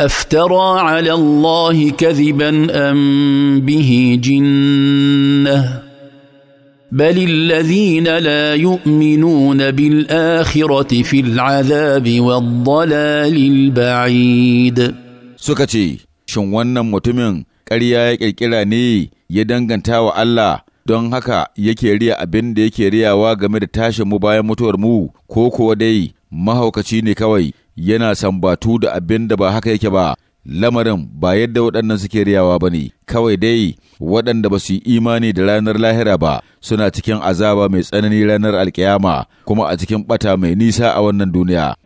افترى على الله كذبا ام به جنه بل الذين لا يؤمنون بالاخره في العذاب والضلال البعيد سكتي shin wannan mutumin ƙarya ya ƙirƙira ne ya danganta wa Allah don haka yake riya abin da yake riyawa game da tashin mu bayan mutuwar mu ko kuwa dai mahaukaci ne kawai yana sambatu da abin da ba haka yake ba lamarin ba yadda waɗannan suke riyawa ba ne kawai dai waɗanda ba su yi imani da ranar lahira ba suna cikin azaba mai tsanani ranar alkiyama kuma a cikin ɓata mai nisa a wannan duniya